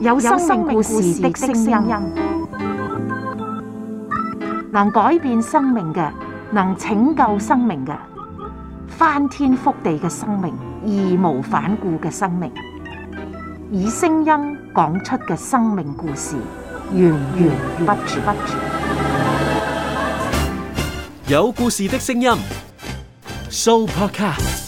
有生命故事的聲音，能改變生命嘅，能拯救生命嘅，翻天覆地嘅生命，義無反顧嘅生命，以聲音講出嘅生命故事，源源不絕。有故事的聲音，Soupercast。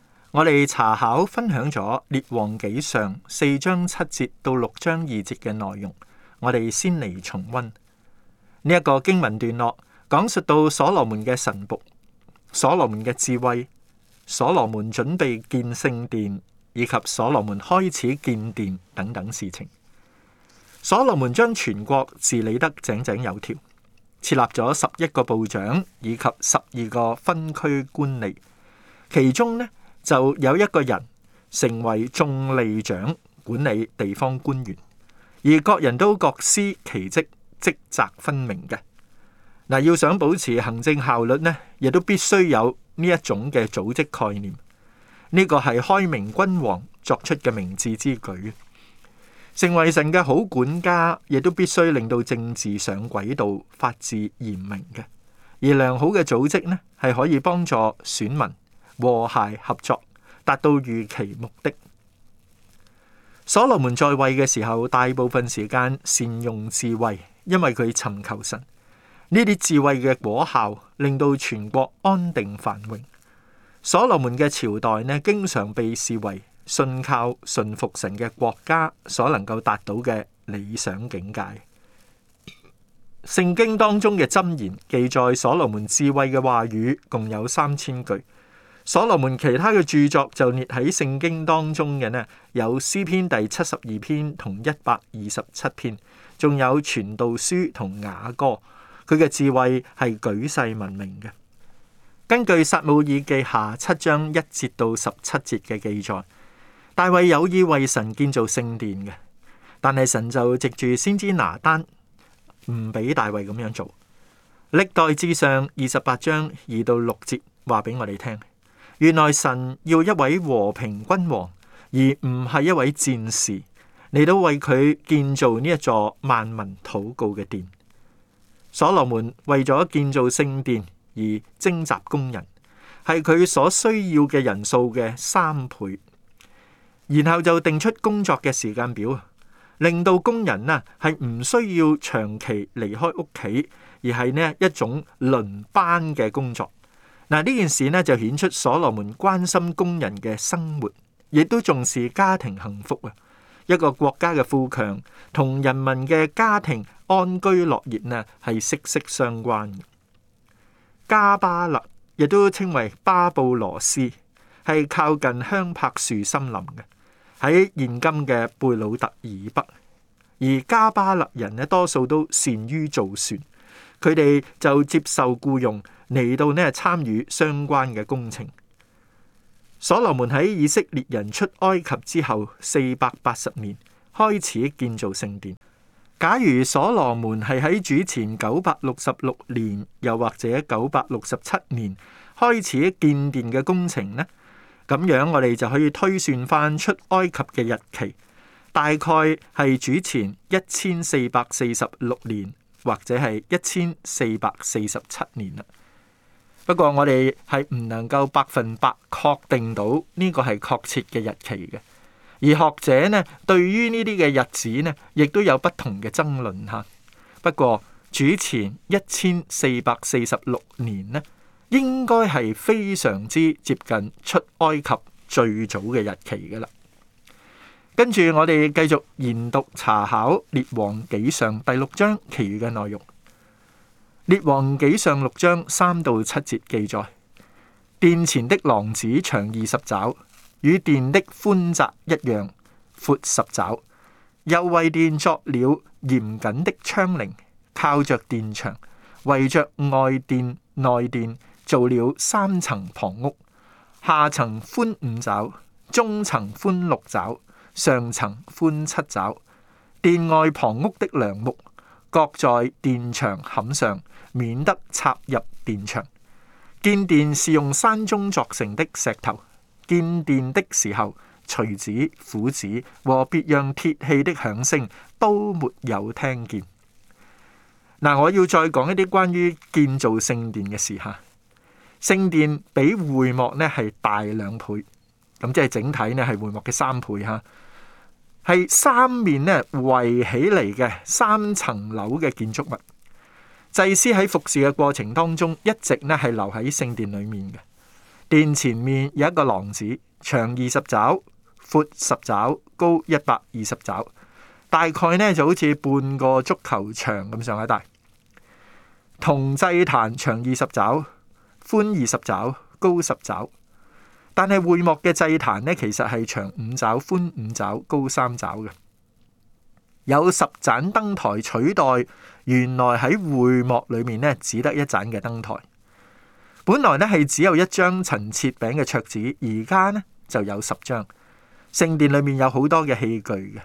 我哋查考分享咗列王紀上四章七節到六章二節嘅內容。我哋先嚟重温，呢一個經文段落，講述到所羅門嘅神僕、所羅門嘅智慧、所羅門準備建聖殿，以及所羅門開始建殿等等事情。所羅門將全國治理得井井有條，設立咗十一個部長以及十二個分區官吏，其中呢，就有一個人成為眾利長，管理地方官員，而各人都各司其職，職責分明嘅。嗱，要想保持行政效率呢，亦都必須有呢一種嘅組織概念。呢、這個係開明君王作出嘅明智之舉。成為神嘅好管家，亦都必須令到政治上軌道，法治嚴明嘅。而良好嘅組織呢，係可以幫助選民。和諧合作，達到預期目的。所羅門在位嘅時候，大部分時間善用智慧，因為佢尋求神。呢啲智慧嘅果效，令到全國安定繁榮。所羅門嘅朝代呢，經常被視為信靠、順服神嘅國家所能夠達到嘅理想境界。聖經當中嘅箴言記載，所羅門智慧嘅話語共有三千句。所羅門其他嘅著作，就列喺聖經當中嘅，呢，有詩篇第七十二篇同一百二十七篇，仲有傳道書同雅歌。佢嘅智慧係舉世聞名嘅。根據撒母耳記下七章一節到十七節嘅記載，大衛有意為神建造聖殿嘅，但係神就藉住先知拿單唔俾大衛咁樣做。歷代志上二十八章二到六節話俾我哋聽。原來神要一位和平君王，而唔係一位戰士嚟到為佢建造呢一座萬民禱告嘅殿。所羅門為咗建造聖殿而徵集工人，係佢所需要嘅人數嘅三倍。然後就定出工作嘅時間表，令到工人啊係唔需要長期離開屋企，而係呢一種輪班嘅工作。嗱，呢件事呢，就顯出所羅門關心工人嘅生活，亦都重視家庭幸福啊！一個國家嘅富強同人民嘅家庭安居樂業呢，係息息相關嘅。加巴勒亦都稱為巴布羅斯，係靠近香柏樹森林嘅，喺現今嘅貝魯特以北。而加巴勒人呢，多數都善於造船。佢哋就接受僱用嚟到呢，參與相關嘅工程。所羅門喺以色列人出埃及之後四百八十年開始建造聖殿。假如所羅門係喺主前九百六十六年，又或者九百六十七年開始建殿嘅工程呢，咁樣我哋就可以推算翻出埃及嘅日期，大概係主前一千四百四十六年。或者係一千四百四十七年啦，不過我哋係唔能夠百分百確定到呢個係確切嘅日期嘅，而學者呢，對於呢啲嘅日子呢，亦都有不同嘅爭論吓。不過主前一千四百四十六年呢，應該係非常之接近出埃及最早嘅日期㗎喇。跟住，我哋繼續研讀查考《列王紀上》第六章其餘嘅內容。《列王紀上》六章三到七節記載，殿前的廊子長二十爪，與殿的寬窄一樣，闊十爪。又為殿作了嚴謹的窗欞，靠着殿牆，圍着外殿、內殿做了三層旁屋，下層寬五爪，中層寬六爪。上層寬七爪，殿外旁屋的梁木各在殿牆坎上，免得插入殿牆。建殿是用山中作成的石頭。建殿的時候，錘子、斧子和別樣鐵器的響聲都沒有聽見。嗱，我要再講一啲關於建造聖殿嘅事吓。聖殿比會幕呢係大兩倍。咁即係整體呢係會幕嘅三倍哈，係三面呢圍起嚟嘅三層樓嘅建築物。祭司喺服侍嘅過程當中，一直呢係留喺聖殿裡面嘅。殿前面有一個廊子，長二十肘，闊十肘，高一百二十肘，大概呢就好似半個足球場咁上下大。同祭壇長二十肘，寬二十肘，高十肘。但係會幕嘅祭壇咧，其實係長五肘、寬五肘、高三肘嘅，有十盞燈台取代原來喺會幕裏面咧只得一盞嘅燈台。本來咧係只有一張陳設餅嘅桌子，而家咧就有十張。聖殿裏面有好多嘅器具嘅。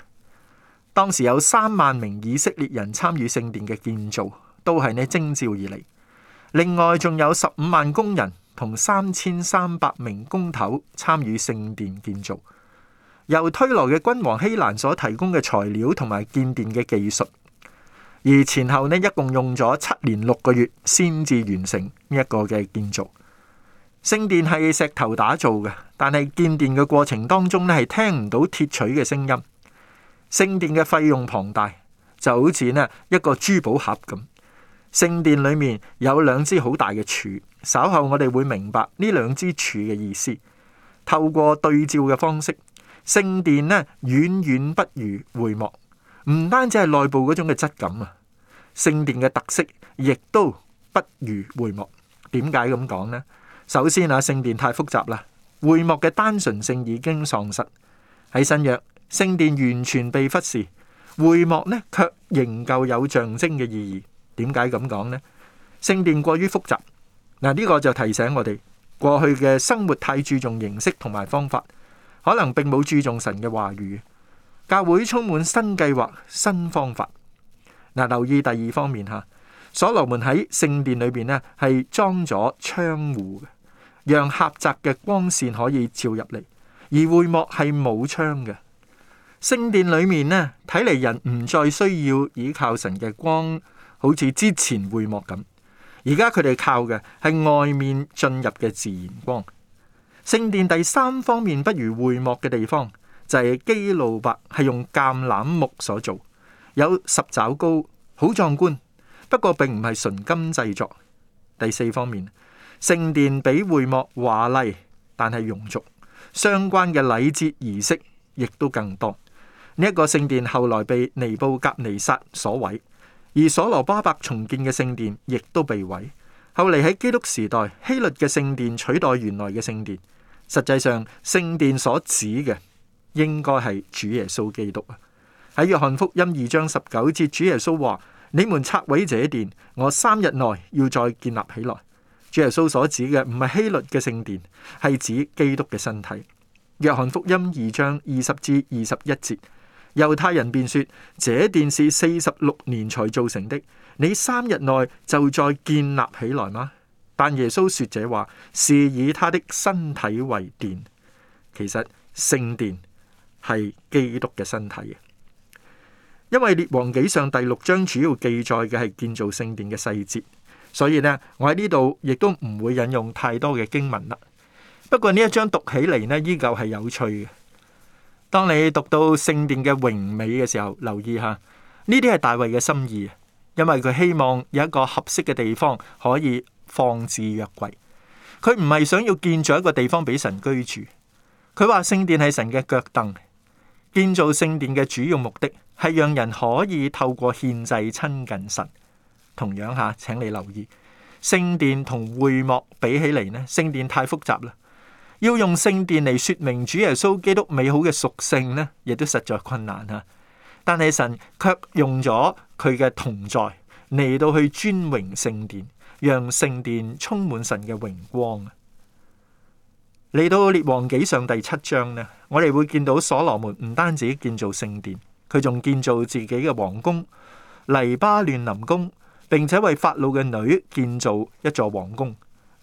當時有三萬名以色列人參與聖殿嘅建造，都係呢徵召而嚟。另外仲有十五萬工人。同三千三百名工頭參與聖殿建造，由推羅嘅君王希蘭所提供嘅材料同埋建殿嘅技術，而前後呢一共用咗七年六個月先至完成呢一個嘅建築。聖殿係石頭打造嘅，但係建殿嘅過程當中呢係聽唔到鐵錘嘅聲音。聖殿嘅費用龐大，就好似呢一個珠寶盒咁。聖殿裏面有兩支好大嘅柱。稍後我哋會明白呢兩支柱嘅意思。透過對照嘅方式，聖殿呢，遠遠不如回幕，唔單止係內部嗰種嘅質感啊，聖殿嘅特色亦都不如回幕。點解咁講呢？首先啊，聖殿太複雜啦，回幕嘅單純性已經喪失。喺新約，聖殿完全被忽視，回幕呢，卻仍舊有象徵嘅意義。點解咁講呢？聖殿過於複雜。嗱，呢個就提醒我哋，過去嘅生活太注重形式同埋方法，可能並冇注重神嘅話語。教會充滿新計劃、新方法。嗱，留意第二方面吓，所羅門喺聖殿裏邊呢，係裝咗窗戶嘅，讓狹窄嘅光線可以照入嚟，而會幕係冇窗嘅。聖殿裏面呢，睇嚟人唔再需要倚靠神嘅光，好似之前會幕咁。而家佢哋靠嘅係外面進入嘅自然光。聖殿第三方面不如會幕嘅地方就係、是、基路伯係用橄欖木所做，有十肘高，好壯觀。不過並唔係純金製作。第四方面，聖殿比會幕華麗，但係庸俗。相關嘅禮節儀式亦都更多。呢、這、一個聖殿後來被尼布甲尼撒所毀。而所羅巴伯重建嘅聖殿亦都被毀，後嚟喺基督時代希律嘅聖殿取代原來嘅聖殿。實際上聖殿所指嘅應該係主耶穌基督啊！喺約翰福音二章十九節，主耶穌話：你們拆毀這殿，我三日內要再建立起來。主耶穌所指嘅唔係希律嘅聖殿，係指基督嘅身體。約翰福音二章二十至二十一節。猶太人便說：這殿是四十六年才造成的，你三日內就再建立起來嗎？但耶穌說,者說：者話是以他的身體為殿，其實聖殿係基督嘅身體。因為列王紀上第六章主要記載嘅係建造聖殿嘅細節，所以呢，我喺呢度亦都唔會引用太多嘅經文啦。不過呢一章讀起嚟呢，依舊係有趣嘅。當你讀到聖殿嘅榮美嘅時候，留意下，呢啲係大衛嘅心意，因為佢希望有一個合適嘅地方可以放置約櫃。佢唔係想要建造一個地方俾神居住。佢話聖殿係神嘅腳凳，建造聖殿嘅主要目的係讓人可以透過獻祭親近神。同樣吓，請你留意聖殿同會幕比起嚟，呢，聖殿太複雜啦。要用聖殿嚟說明主耶穌基督美好嘅屬性呢，亦都實在困難啊！但係神卻用咗佢嘅同在嚟到去尊榮聖殿，讓聖殿充滿神嘅榮光。嚟到列王紀上第七章呢，我哋會見到所羅門唔單止建造聖殿，佢仲建造自己嘅王宮、黎巴嫩林宮，並且為法老嘅女建造一座王宮。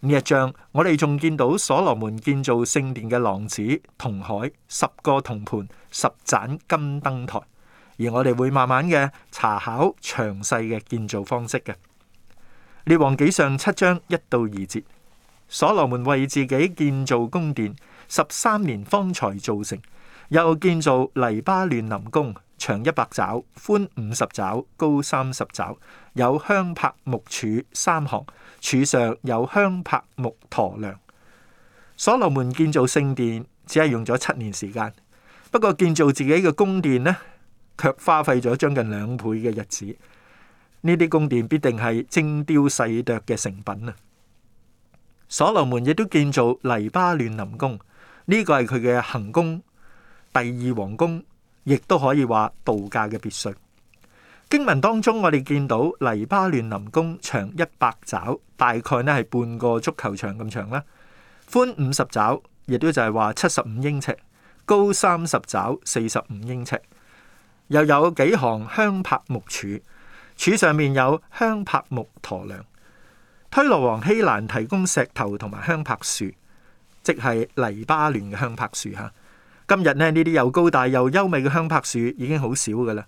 呢一章我哋仲見到所羅門建造聖殿嘅廊子、銅海、十個銅盤、十盞金燈台，而我哋會慢慢嘅查考詳細嘅建造方式嘅。列王紀上七章一到二節，所羅門為自己建造宮殿，十三年方才造成，又建造黎巴嫩林宮。長一百肘，寬五十肘，高三十肘。有香柏木柱三行，柱上有香柏木駝梁。所羅門建造聖殿，只係用咗七年時間，不過建造自己嘅宮殿呢，卻花費咗將近兩倍嘅日子。呢啲宮殿必定係精雕細琢嘅成品啊！所羅門亦都建造黎巴嫩林宮，呢個係佢嘅行宮，第二皇宮。亦都可以話度假嘅別墅。經文當中，我哋見到黎巴嫩林宮長一百爪，大概咧係半個足球場咁長啦，寬五十爪，亦都就係話七十五英尺，高三十爪，四十五英尺。又有幾行香柏木柱，柱上面有香柏木陀梁。推羅王希蘭提供石頭同埋香柏樹，即係黎巴嫩嘅香柏樹嚇。今日呢，呢啲又高大又優美嘅香柏樹已經好少噶啦。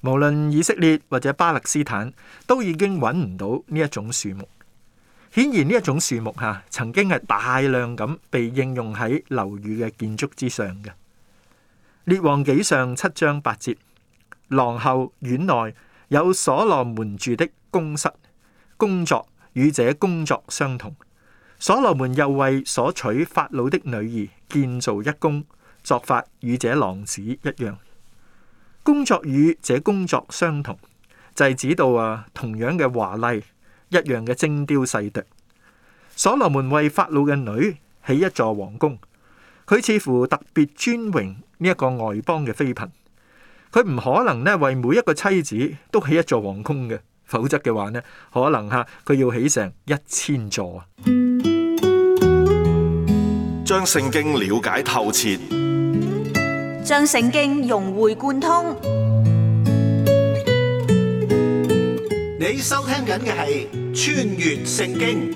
無論以色列或者巴勒斯坦，都已經揾唔到呢一種樹木。顯然呢一種樹木吓、啊，曾經係大量咁被應用喺樓宇嘅建築之上嘅。列王紀上七章八節，廊後院內有所羅門住的宮室，工作與這工作相同。所羅門又為所娶法老的女兒。建造一宮，作法與這浪子一樣，工作與這工作相同，就係，指到啊，同樣嘅華麗，一樣嘅精雕細琢。所羅門為法老嘅女起一座皇宮，佢似乎特別尊榮呢一個外邦嘅妃嬪。佢唔可能咧為每一個妻子都起一座皇宮嘅，否則嘅話呢，可能吓、啊、佢要起成一千座啊。將聖經了解透徹、嗯，將聖經融會貫通。你收聽緊嘅係《穿越聖經》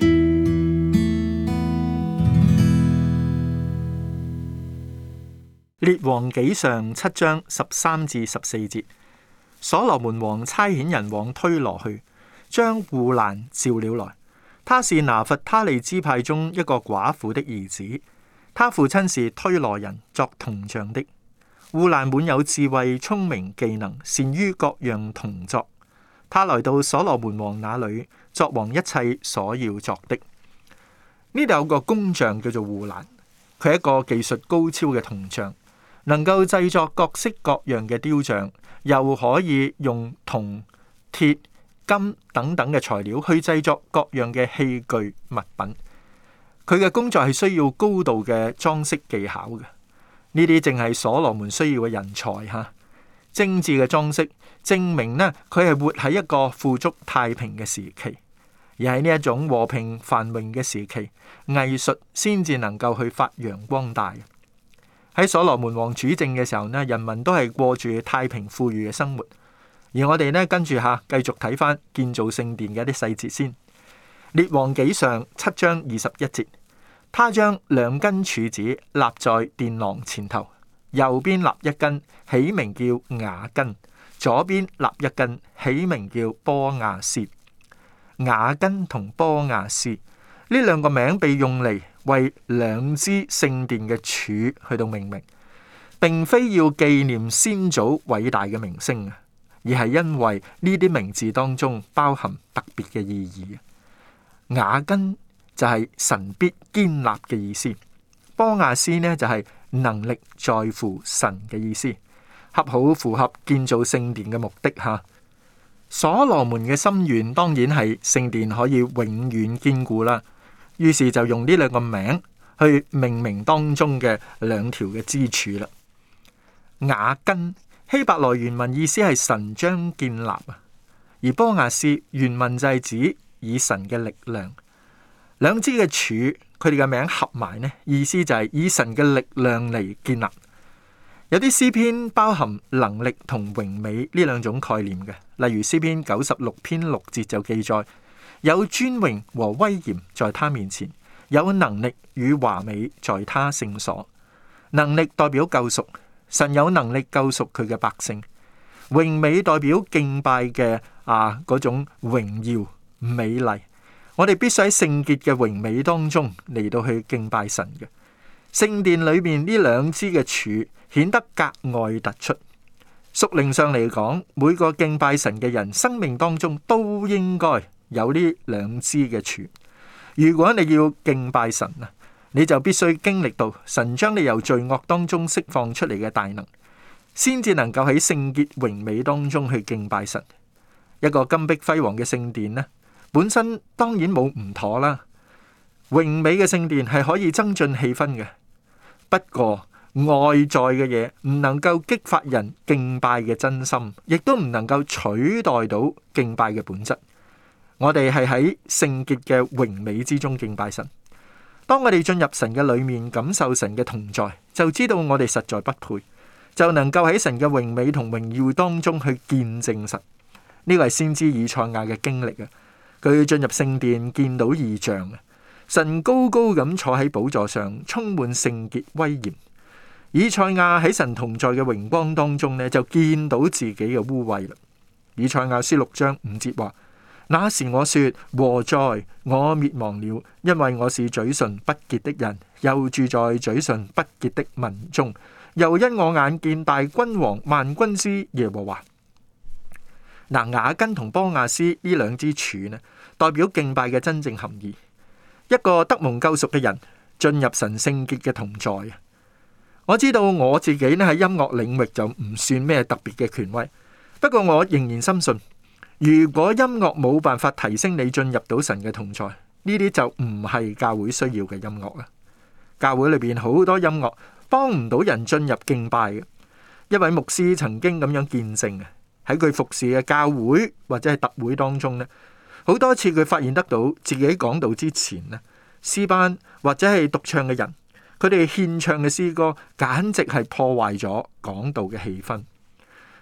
列王紀上七章十三至十四節。所羅門王差遣人往推羅去，將戶蘭召了來。他是拿弗他利支派中一個寡婦的兒子。他父親是推羅人，作銅像的。戶蘭滿有智慧、聰明、技能，善於各樣銅作。他來到所羅門王那裏，作王一切所要作的。呢度有個工匠叫做戶蘭，佢係一個技術高超嘅銅匠，能夠製作各式各樣嘅雕像，又可以用銅、鐵、金等等嘅材料去製作各樣嘅器具物品。佢嘅工作係需要高度嘅裝飾技巧嘅，呢啲淨係所羅門需要嘅人才吓。精緻嘅裝飾證明呢，佢係活喺一個富足太平嘅時期，而喺呢一種和平繁榮嘅時期，藝術先至能夠去發揚光大。喺所羅門王主政嘅時候呢，人民都係過住太平富裕嘅生活，而我哋呢跟住吓繼續睇返建造聖殿嘅一啲細節先。列王紀上七章二十一節。他將兩根柱子立在殿廊前頭，右邊立一根，起名叫雅根；左邊立一根，起名叫波亞斯。雅根同波亞斯呢兩個名被用嚟為兩支聖殿嘅柱去到命名，並非要紀念先祖偉大嘅名聲啊，而係因為呢啲名字當中包含特別嘅意義啊。雅根。就係神必堅立嘅意思。波亞斯呢就係能力在乎神嘅意思，恰好符合建造聖殿嘅目的吓。所羅門嘅心願當然係聖殿可以永遠堅固啦，於是就用呢兩個名去命名當中嘅兩條嘅支柱啦。雅根希伯來原文意思係神將建立啊，而波亞斯原文就係指以神嘅力量。兩支嘅柱，佢哋嘅名合埋呢，意思就係以神嘅力量嚟建立。有啲詩篇包含能力同榮美呢兩種概念嘅，例如詩篇九十六篇六節就記載：有尊榮和威嚴在他面前，有能力與華美在他聖所。能力代表救贖，神有能力救贖佢嘅百姓；榮美代表敬拜嘅啊嗰種榮耀美麗。我哋必須喺聖潔嘅榮美當中嚟到去敬拜神嘅。聖殿裏面呢兩支嘅柱顯得格外突出。屬靈上嚟講，每個敬拜神嘅人生命當中都應該有呢兩支嘅柱。如果你要敬拜神啊，你就必須經歷到神將你由罪惡當中釋放出嚟嘅大能，先至能夠喺聖潔榮美當中去敬拜神。一個金碧輝煌嘅聖殿呢，本身當然冇唔妥啦，榮美嘅聖殿係可以增進氣氛嘅。不過外在嘅嘢唔能夠激發人敬拜嘅真心，亦都唔能夠取代到敬拜嘅本質。我哋係喺聖潔嘅榮美之中敬拜神。當我哋進入神嘅裏面，感受神嘅同在，就知道我哋實在不配，就能夠喺神嘅榮美同榮耀當中去見證神。呢個係先知以賽亞嘅經歷啊！佢進入聖殿，見到異象，神高高咁坐喺寶座上，充滿聖潔威嚴。以賽亞喺神同在嘅榮光當中呢就見到自己嘅污穢啦。以賽亞書六章五節話：「那時我説禍哉，我滅亡了，因為我是嘴唇不潔的人，又住在嘴唇不潔的民中，又因我眼見大君王，萬軍之耶和華。嗱，雅、啊、根同波雅斯呢兩支柱呢，代表敬拜嘅真正含義。一個得蒙救贖嘅人進入神聖潔嘅同在啊！我知道我自己呢喺音樂領域就唔算咩特別嘅權威，不過我仍然深信，如果音樂冇辦法提升你進入到神嘅同在，呢啲就唔係教會需要嘅音樂啦。教會裏邊好多音樂幫唔到人進入敬拜嘅，一位牧師曾經咁樣見證喺佢服侍嘅教會或者係特會當中咧，好多次佢發現得到自己喺講道之前咧，詩班或者係獨唱嘅人，佢哋獻唱嘅詩歌簡直係破壞咗講道嘅氣氛。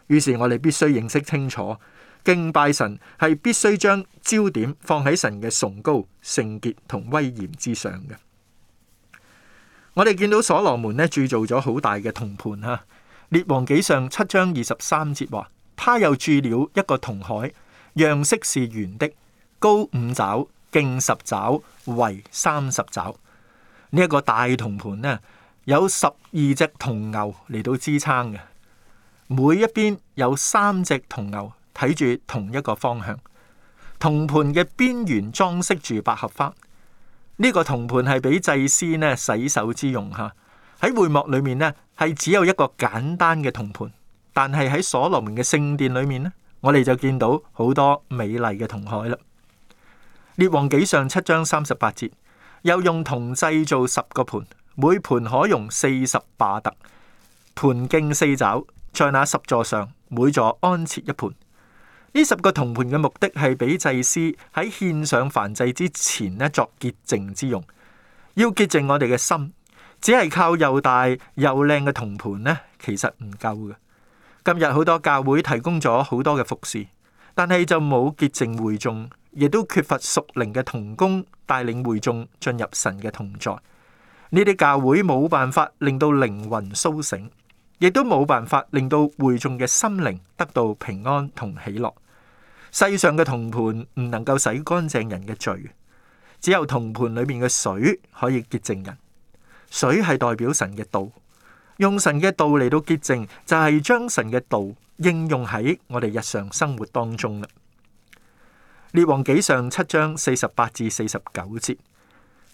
於是我哋必須認識清楚，敬拜神係必須將焦點放喺神嘅崇高、聖潔同威嚴之上嘅。我哋見到所羅門咧鑄造咗好大嘅銅盤哈，列王紀上七章二十三節話。他又鑄了一個銅海，樣式是圓的，高五爪，徑十爪，圍三十爪。呢、這、一個大銅盤呢，有十二隻銅牛嚟到支撐嘅，每一邊有三隻銅牛睇住同一個方向。銅盤嘅邊緣裝飾住百合花。呢、這個銅盤係俾祭司呢洗手之用吓。喺會幕裏面呢，係只有一個簡單嘅銅盤。但係喺所羅門嘅聖殿裏面咧，我哋就見到好多美麗嘅銅海啦。列王紀上七章三十八節，又用銅製造十個盤，每盤可用四十八特盤徑四爪，在那十座上每座安設一盤。呢十個銅盤嘅目的係俾祭司喺獻上燔祭之前咧作潔淨之用，要潔淨我哋嘅心。只係靠又大又靚嘅銅盤呢，其實唔夠嘅。今日好多教會提供咗好多嘅服侍，但係就冇潔淨會眾，亦都缺乏屬靈嘅同工帶領會眾進入神嘅同在。呢啲教會冇辦法令到靈魂甦醒，亦都冇辦法令到會眾嘅心靈得到平安同喜樂。世上嘅銅盤唔能夠洗乾淨人嘅罪，只有銅盤裏面嘅水可以潔淨人。水係代表神嘅道。用神嘅道嚟到潔淨，就係、是、將神嘅道應用喺我哋日常生活當中啦。列王紀上七章四十八至四十九節，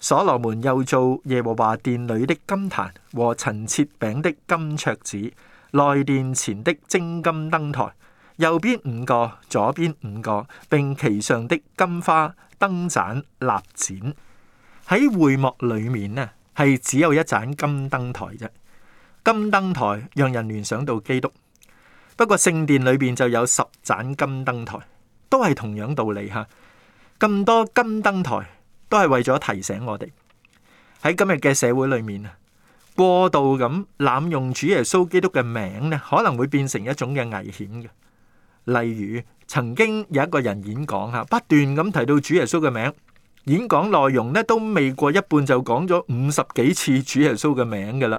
所羅門又造耶和華殿裏的金壇和陳設餅的金桌子，內殿前的精金燈台，右邊五個，左邊五個，並其上的金花燈盞、蠟剪。喺會幕裏面呢，係只有一盞金燈台啫。金燈台讓人聯想到基督，不過聖殿裏邊就有十盞金燈台，都係同樣道理吓。咁多金燈台都係為咗提醒我哋喺今日嘅社會裏面啊，過度咁濫用主耶穌基督嘅名咧，可能會變成一種嘅危險嘅。例如曾經有一個人演講吓，不斷咁提到主耶穌嘅名，演講內容咧都未過一半就講咗五十幾次主耶穌嘅名㗎喇。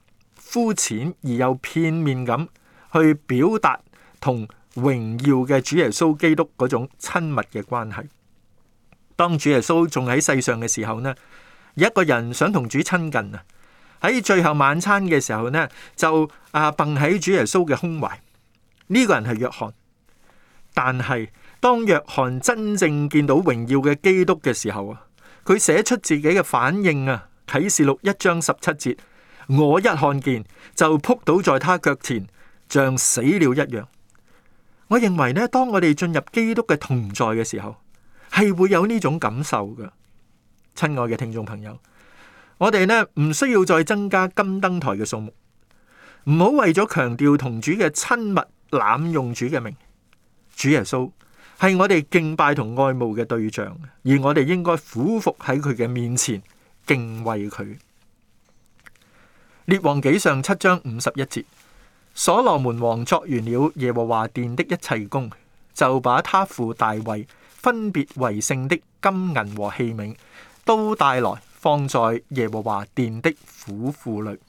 膚淺而又片面咁去表達同榮耀嘅主耶穌基督嗰種親密嘅關係。當主耶穌仲喺世上嘅時候呢，一個人想同主親近啊。喺最後晚餐嘅時候呢，就啊，蹦喺主耶穌嘅胸懷。呢個人係約翰，但係當約翰真正見到榮耀嘅基督嘅時候啊，佢寫出自己嘅反應啊。啟示錄一章十七節。我一看見就撲倒在他腳前，像死了一樣。我認為呢，當我哋進入基督嘅同在嘅時候，係會有呢種感受㗎。親愛嘅聽眾朋友，我哋呢唔需要再增加金燈台嘅數目，唔好為咗強調同主嘅親密，濫用主嘅名。主耶穌係我哋敬拜同愛慕嘅對象，而我哋應該俯伏喺佢嘅面前，敬畏佢。列王紀上七章五十一節，所羅門王作完了耶和華殿的一切工，就把他父大衛分別為聖的金銀和器皿都帶來放在耶和華殿的府庫裏。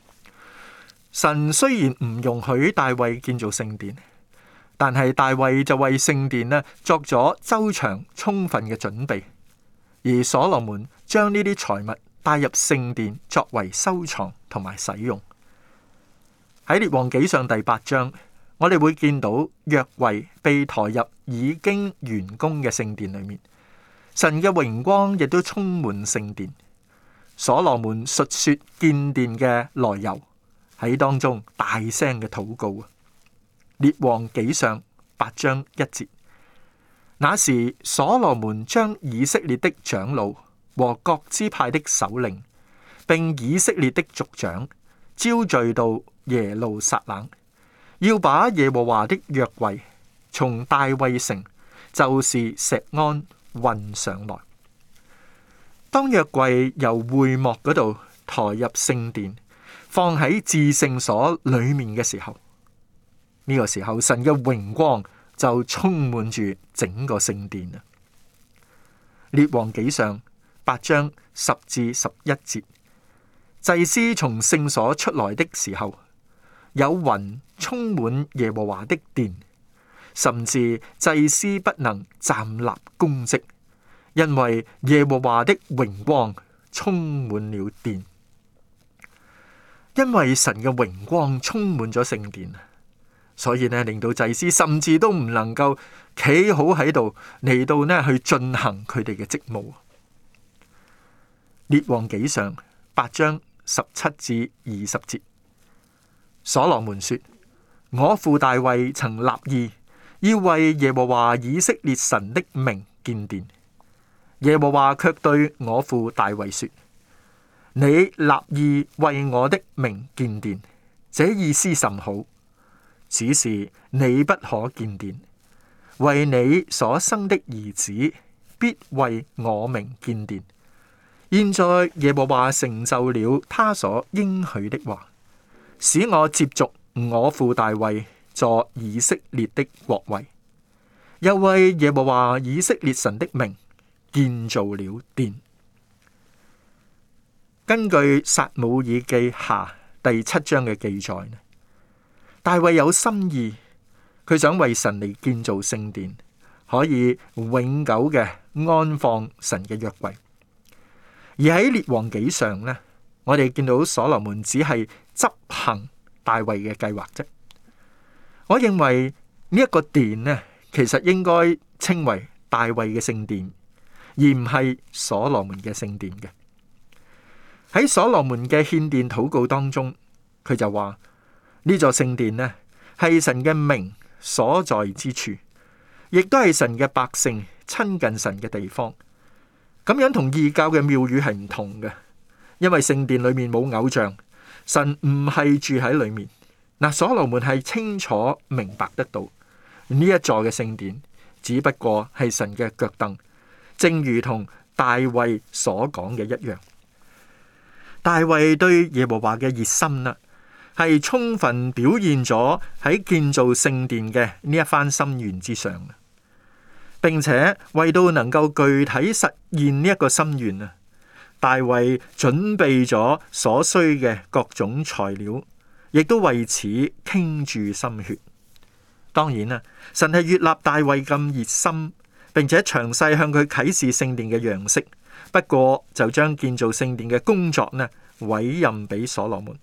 神雖然唔容許大衛建造聖殿，但係大衛就為聖殿呢作咗周詳充分嘅準備，而所羅門將呢啲財物。帶入聖殿作為收藏同埋使用。喺列王紀上第八章，我哋會見到約櫃被抬入已經完工嘅聖殿裏面，神嘅榮光亦都充滿聖殿。所羅門述說建殿嘅來由喺當中大聲嘅禱告啊！列王紀上八章一節，那時所羅門將以色列的長老。和各支派的首領，並以色列的族長，招聚到耶路撒冷，要把耶和華的約櫃從大衛城，就是石安運上來。當約櫃由會幕嗰度抬入聖殿，放喺至聖所裏面嘅時候，呢個時候神嘅榮光就充滿住整個聖殿啊！列王紀上。八章十至十一節，祭司從聖所出來的時候，有雲充滿耶和華的殿，甚至祭司不能站立供職，因為耶和華的榮光充滿了殿。因為神嘅榮光充滿咗聖殿，所以呢，令到祭司甚至都唔能夠企好喺度嚟到呢，去進行佢哋嘅職務。列王紀上八章十七至二十節，所羅門說：我父大衛曾立意要為耶和華以色列神的名建殿，耶和華卻對我父大衛說：你立意為我的名建殿，這意思甚好，只是你不可建殿，為你所生的兒子必為我名建殿。現在耶和華成就了他所應許的話，使我接續我父大衛坐以色列的國位，又為耶和華以色列神的名建造了殿。根據撒母耳記下第七章嘅記載，大衛有心意，佢想為神嚟建造聖殿，可以永久嘅安放神嘅約櫃。而喺列王紀上咧，我哋見到所羅門只係執行大衛嘅計劃啫。我認為呢一個殿呢，其實應該稱為大衛嘅聖殿，而唔係所羅門嘅聖殿嘅。喺所羅門嘅獻殿禱告當中，佢就話呢座聖殿呢係神嘅名所在之處，亦都係神嘅百姓親近神嘅地方。咁樣同異教嘅廟宇係唔同嘅，因為聖殿裏面冇偶像，神唔係住喺裏面。嗱，所羅門係清楚明白得到，呢一座嘅聖殿，只不過係神嘅腳凳，正如同大衛所講嘅一樣。大衛對耶和華嘅熱心啦、啊，係充分表現咗喺建造聖殿嘅呢一番心願之上。並且為到能夠具體實現呢一個心願啊，大衛準備咗所需嘅各種材料，亦都為此傾注心血。當然啦，神係悅納大衛咁熱心，並且詳細向佢啟示聖殿嘅樣式。不過就將建造聖殿嘅工作呢委任俾所羅門。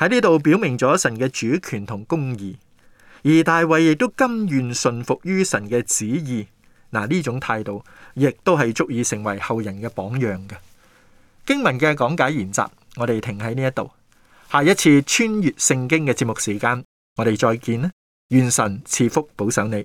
喺呢度表明咗神嘅主權同公義，而大衛亦都甘願信服於神嘅旨意。嗱，呢種態度亦都係足以成為後人嘅榜樣嘅。經文嘅講解研習，我哋停喺呢一度。下一次穿越聖經嘅節目時間，我哋再見啦。願神賜福保守你。